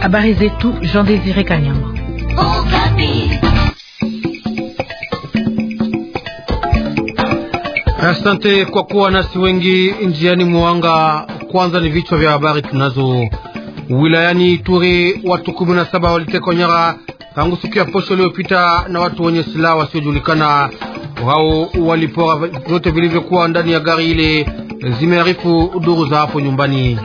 Habari zetu Jean Désiré Kanyama. Asante kwa kuwa nasi wengi njiani mwanga. Kwanza ni vichwa vya habari tunazo. Wilayani Ituri watu saba walitekwa nyara tangu siku ya posho iliyopita na watu wenye silaha wasiojulikana. Wao walipora vyote vilivyokuwa ndani ya gari ile zimearifu duru za hapo nyumbani.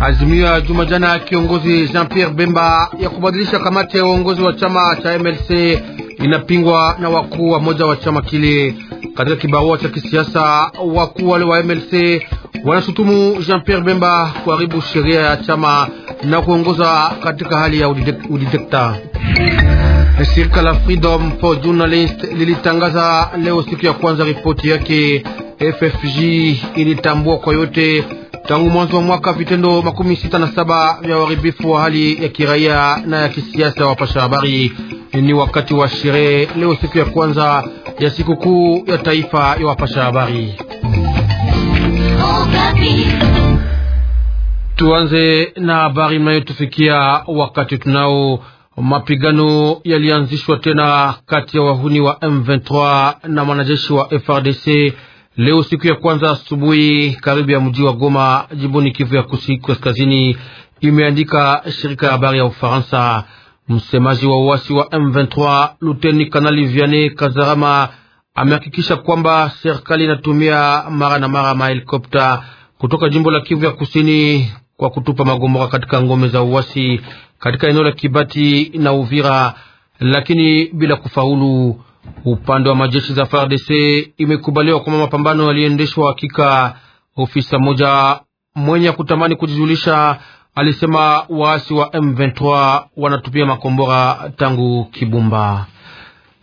Azimio ya juma jana ya kiongozi Jean Pierre Bemba ya kubadilisha kamati ya uongozi wa chama cha MLC inapingwa na wakuu wa moja wa chama kile. Katika kibarua cha kisiasa, wakuu wale wa MLC wanashutumu Jean Pierre Bemba kuharibu sheria ya chama na kuongoza katika hali ya udidekta. Shirika la Freedom for Journalist lilitangaza leo siku ya kwanza ripoti yake FFG ilitambua kwa yote tangu mwanzo wa mwaka vitendo makumi sita na saba vya uharibifu wa hali ya kiraia na ya kisiasa. Wapasha habari, ni wakati wa sherehe leo, siku ya kwanza ya sikukuu ya taifa ya wapasha habari. Tuanze na habari mnayotufikia wakati tunao. Mapigano yalianzishwa tena kati ya wahuni wa M23 na mwanajeshi wa FRDC Leo siku ya kwanza asubuhi, karibu ya mji wa Goma, jimboni Kivu ya Kaskazini, imeandika shirika ya habari ya Ufaransa. Msemaji wa uasi wa M23 luteni kanali Viane Kazarama amehakikisha kwamba serikali inatumia mara na mara mahelikopta kutoka jimbo la Kivu ya Kusini kwa kutupa magomora katika ngome za uasi katika eneo la Kibati na Uvira, lakini bila kufaulu. Upande wa majeshi za FARDC imekubaliwa kwamba mapambano yaliendeshwa hakika. Ofisa mmoja mwenye kutamani kujijulisha alisema waasi wa M23 wanatupia makombora tangu Kibumba.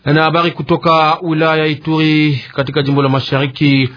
Na habari kutoka wilaya ya Ituri katika jimbo la Mashariki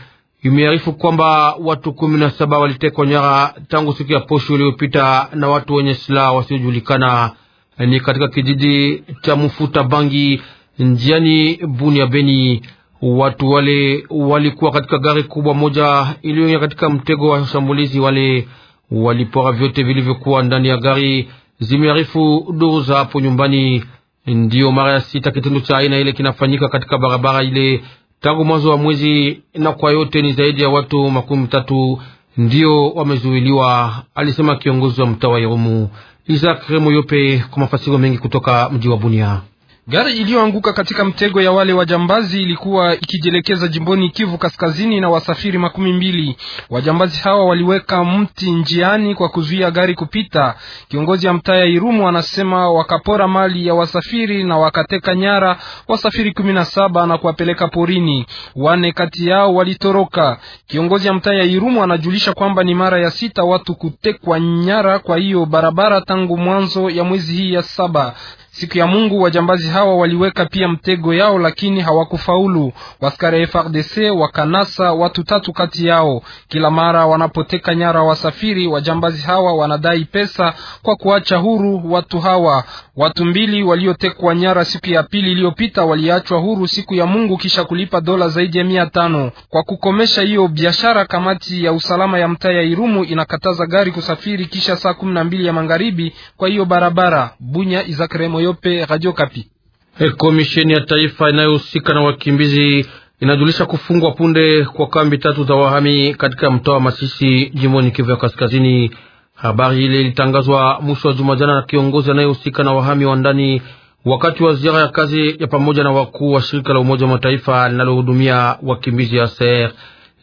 imearifu kwamba watu kumi na saba walitekwa nyara tangu siku ya posho iliyopita na watu wenye silaha wasiojulikana, ni katika kijiji cha Mufuta Bangi Njiani Bunia Beni, watu wale walikuwa katika gari kubwa moja iliyoingia katika mtego wa shambulizi. Wale walipora vyote vilivyokuwa ndani ya gari, zimearifu duru za hapo nyumbani. Ndiyo mara ya sita kitendo cha aina ile kinafanyika katika barabara ile tangu mwanzo wa mwezi, na kwa yote ni zaidi ya watu makumi tatu ndio wamezuiliwa, alisema kiongozi wa mtaa wa Irumu Isaac Remo Yope, kwa mafasiro mengi kutoka mji wa Bunia. Gari iliyoanguka katika mtego ya wale wajambazi ilikuwa ikijielekeza jimboni Kivu Kaskazini na wasafiri makumi mbili. Wajambazi hawa waliweka mti njiani kwa kuzuia gari kupita. Kiongozi ya mtaa ya Irumu anasema wakapora mali ya wasafiri na wakateka nyara wasafiri kumi na saba na kuwapeleka porini. Wane kati yao walitoroka. Kiongozi ya mtaa ya Irumu anajulisha kwamba ni mara ya sita watu kutekwa nyara kwa hiyo barabara tangu mwanzo ya mwezi hii ya saba. Siku ya Mungu wajambazi hawa waliweka pia mtego yao, lakini hawakufaulu. Waskari FRDC wakanasa watu tatu kati yao. Kila mara wanapoteka nyara wasafiri, wajambazi hawa wanadai pesa kwa kuacha huru watu hawa. Watu mbili waliotekwa nyara siku ya pili iliyopita waliachwa huru siku ya Mungu kisha kulipa dola zaidi ya mia tano. Kwa kukomesha hiyo biashara, kamati ya usalama ya mtaa ya Irumu inakataza gari kusafiri kisha saa kumi na mbili ya magharibi kwa hiyo barabara Bunya Izakremo Yope, Radio Kapi. E, komisheni ya taifa inayohusika na wakimbizi inajulisha kufungwa punde kwa kambi tatu za wahami katika mtaa wa Masisi jimboni Kivu ya Kaskazini. Habari ile ilitangazwa mwisho wa juma jana na kiongozi anayehusika na wahami wa ndani wakati wa ziara ya kazi ya pamoja na wakuu wa shirika la Umoja wa Mataifa linalohudumia wakimbizi ya ser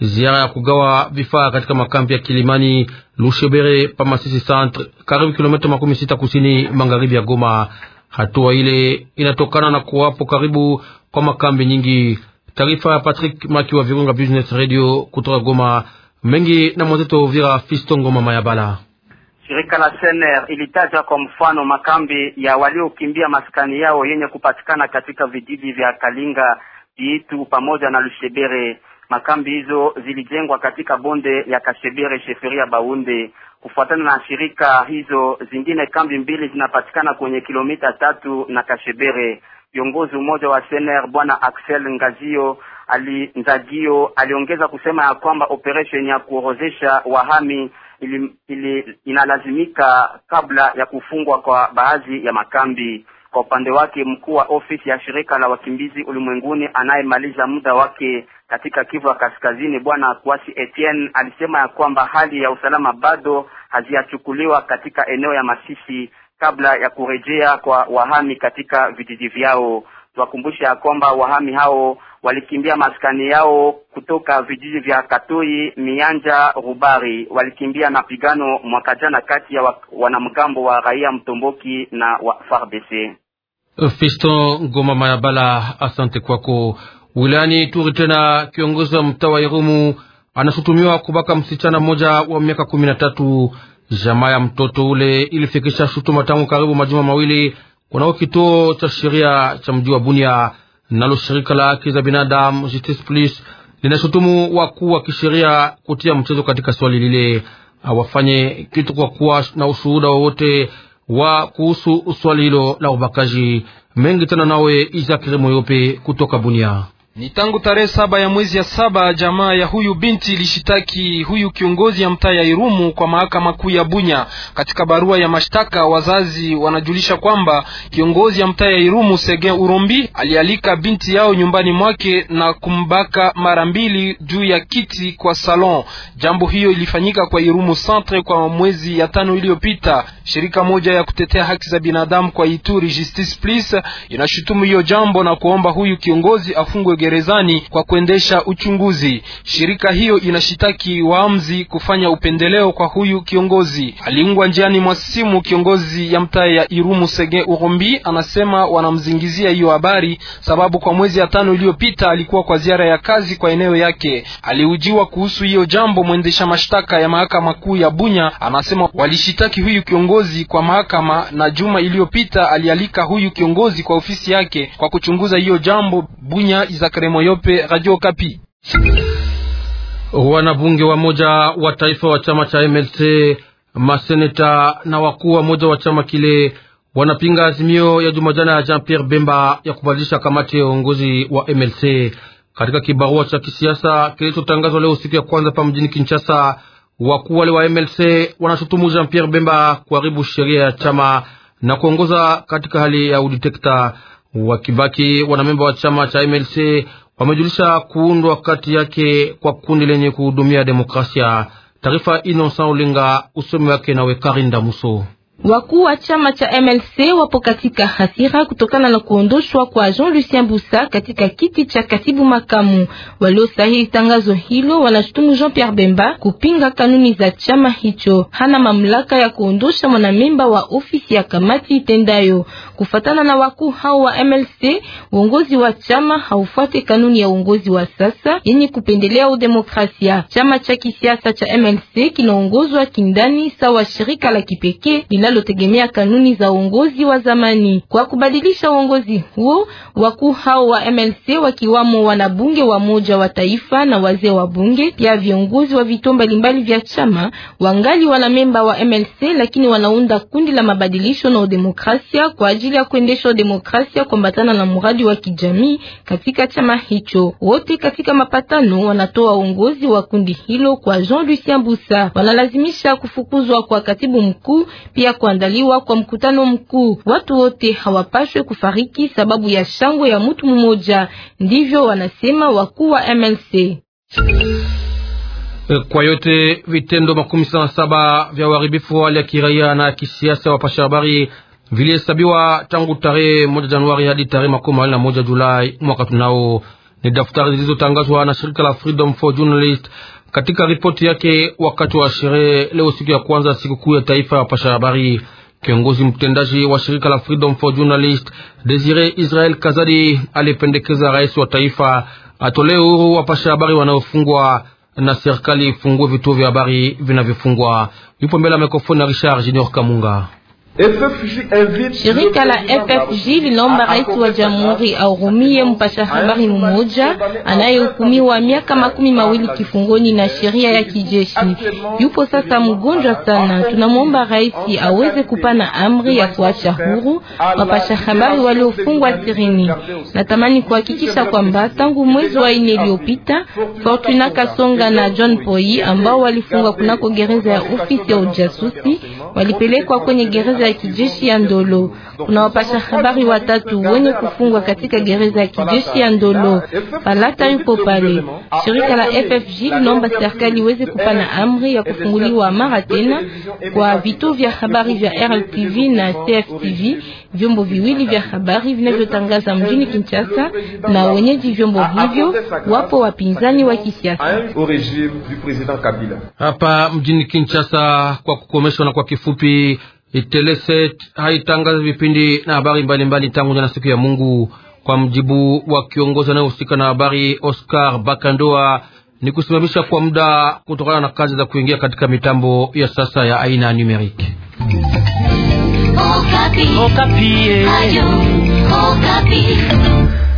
ziara ya kugawa vifaa katika makambi ya Kilimani, Lushebere, Pamasisi centre, karibu kilomita makumi sita kusini magharibi ya Goma. Hatua ile inatokana na kuwapo karibu kwa makambi nyingi. Taarifa ya Patrick Maki wa Virunga Business Radio kutoka Goma, mengi na mwenzetu Vira Fistongo mama ya bala. Shirika la SNR ilitaja kwa mfano makambi ya waliokimbia maskani yao yenye kupatikana katika vijiji vya Kalinga, Biitu pamoja na Lushebere. Makambi hizo zilijengwa katika bonde ya Kashebere, sheferia Baunde. Kufuatana na shirika hizo, zingine kambi mbili zinapatikana kwenye kilomita tatu na Kashebere. Kiongozi mmoja wa SNR bwana Axel Ngazio ali Nzagio aliongeza kusema ya kwamba operation ya kuorozesha wahami ili, ili, inalazimika kabla ya kufungwa kwa baadhi ya makambi. Kwa upande wake mkuu wa ofisi ya shirika la wakimbizi ulimwenguni anayemaliza muda wake katika Kivu ya Kaskazini, Bwana Kwasi Etienne alisema ya kwamba hali ya usalama bado haziyachukuliwa katika eneo ya Masisi kabla ya kurejea kwa wahami katika vijiji vyao. Tuwakumbushe ya kwamba wahami hao walikimbia maskani yao kutoka vijiji vya Katoi, Mianja, Rubari. Walikimbia mapigano mwaka jana kati ya wanamgambo wa raia Mtomboki na wa FARDC. Fiston Ngoma Mayabala, asante kwako. Wilayani Turi tena, kiongozi wa mtaa wa Irumu anashutumiwa kubaka msichana mmoja wa miaka kumi na tatu. Jamaa ya mtoto ule ilifikisha shutuma tangu karibu majuma mawili kunao kituo cha sheria cha mji wa Bunia. Nalo shirika la haki za binadamu Justice Plus linashutumu wakuu wa kisheria kutia mchezo katika swali lile, awafanye kitu kwa kuwa na ushuhuda wowote wa kuhusu swali hilo la ubakaji mengi tena. Nawe Izakiri Moyope kutoka Bunia. Ni tangu tarehe saba ya mwezi ya saba jamaa ya huyu binti ilishitaki huyu kiongozi ya mtaa ya Irumu kwa mahakama kuu ya Bunya. Katika barua ya mashtaka, wazazi wanajulisha kwamba kiongozi ya mtaa ya Irumu Sege Urombi alialika binti yao nyumbani mwake na kumbaka mara mbili juu ya kiti kwa salon. Jambo hiyo ilifanyika kwa Irumu Centre kwa mwezi ya tano iliyopita. Shirika moja ya kutetea haki za binadamu kwa Ituri Justice Please inashutumu hiyo jambo na kuomba huyu kiongozi afungwe gerezani kwa kuendesha uchunguzi. Shirika hiyo inashitaki waamzi kufanya upendeleo kwa huyu kiongozi. Aliungwa njiani mwa simu, kiongozi ya mtaa ya Irumu Sege Urumbi anasema wanamzingizia hiyo habari sababu kwa mwezi ya tano iliyopita alikuwa kwa ziara ya kazi kwa eneo yake. Aliujiwa kuhusu hiyo jambo, mwendesha mashtaka ya mahakama kuu ya Bunya anasema walishitaki huyu kiongozi kwa mahakama, na juma iliyopita alialika huyu kiongozi kwa ofisi yake kwa kuchunguza hiyo jambo. Bunya iza Jacques Moyope, Radio Kapi. Wanabunge wa moja wa taifa wa chama cha MLC, maseneta na wakuu wa moja wa chama kile wanapinga azimio ya jumajana ya Jean Pierre Bemba ya kubadilisha kamati ya uongozi wa MLC. Katika kibarua cha kisiasa kilichotangazwa leo siku ya kwanza pa mjini Kinshasa, wakuu wale wa MLC wanashutumu Jean Pierre Bemba kuharibu sheria ya chama na kuongoza katika hali ya uditekta. Wakibaki wanamemba wa chama cha MLC wamejulisha kuundwa kati yake kwa kundi lenye kuhudumia demokrasia. Taarifa Innocent Ulinga, usomi wake nawe Karinda Muso. Wakuu wa chama cha MLC wapo katika hasira kutokana na kuondoshwa kwa Jean Lucien Boussa katika kiti cha katibu makamu. Walio sahihi tangazo hilo wanashutumu Jean Pierre Bemba kupinga kanuni za chama hicho. Hana mamlaka ya kuondosha mwanamemba wa ofisi ya kamati itendayo. Kufatana na wakuu hao wa MLC, uongozi wa chama haufuate kanuni ya uongozi wa sasa yenye kupendelea udemokrasia. Chama cha kisiasa cha MLC kinaongozwa kindani sawa shirika la kipekee linalotegemea kanuni za uongozi wa zamani. Kwa kubadilisha uongozi huo, wakuu hao wa MLC wakiwamo wanabunge wa moja wa taifa na wazee wa bunge, pia viongozi wa vituo mbalimbali vya chama wangali wana memba wa MLC, lakini wanaunda kundi la mabadilisho na udemokrasia kwa ajili ya kuendesha demokrasia kuambatana na mradi wa kijamii katika chama hicho. Wote katika mapatano wanatoa uongozi wa kundi hilo kwa Jean Lucien Busa, wanalazimisha kufukuzwa kwa katibu mkuu pia kuandaliwa kwa mkutano mkuu. Watu wote hawapaswe kufariki sababu ya shangwe ya mtu mmoja, ndivyo wanasema wakuu wa MLC. Eh, kwa yote vitendo makumi sana saba vya uharibifu wa hali ya kiraia na kisiasa wa pasha habari vilihesabiwa tangu tarehe moja Januari hadi tarehe makumi mawili na moja Julai mwaka tunao. Ni daftari zilizotangazwa na shirika la Freedom for Journalists katika ripoti yake wakati wa sherehe leo siku ya kwanza sikukuu ya taifa ya pasha habari. Kiongozi mtendaji wa shirika la Freedom for Journalist Desire Israel Kazadi alipendekeza rais wa taifa atolee uhuru wapasha habari wanaofungwa na serikali ifungue vituo vya habari vinavyofungwa. Yupo mbele ya mikrofoni ya Richard Junior Kamunga. Shirika la FFJ linaomba rais wa jamhuri ahurumie mpasha habari mmoja anayehukumiwa miaka makumi mawili kifungoni na sheria ya kijeshi. Yupo sasa mgonjwa sana, tunamwomba rais aweze kupana amri ya kuacha huru mapasha habari waliofungwa sirini. Natamani kuhakikisha kwamba tangu mwezi wa ine iliyopita, Fortuna Kasonga na John Poi ambao walifungwa kunako gereza ya ofisi ya ujasusi walipelekwa kwenye gereza ya kijeshi ya Ndolo. Kuna wapasha habari watatu wenye kufungwa katika gereza ya kijeshi ya Ndolo. Palata yupo pale. Shirika la FFG linaomba serikali iweze kupana amri ya kufunguliwa mara tena kwa vituo vya habari vya RLTV na CFTV, vyombo viwili vya habari vinavyotangaza mjini Kinshasa, na wenyeji vyombo hivyo wapo wapinzani wa kisiasa hapa mjini Kinshasa kwa kukomeshwa na kwa kifupi Teleset haitangaza vipindi na habari mbalimbali tangu jana siku ya Mungu. Kwa mjibu wa kiongozi anayehusika na habari Oscar Bakandoa, ni kusimamisha kwa muda kutokana na kazi za kuingia katika mitambo ya sasa ya aina ya numerike. Okapi. Okapi. Eh.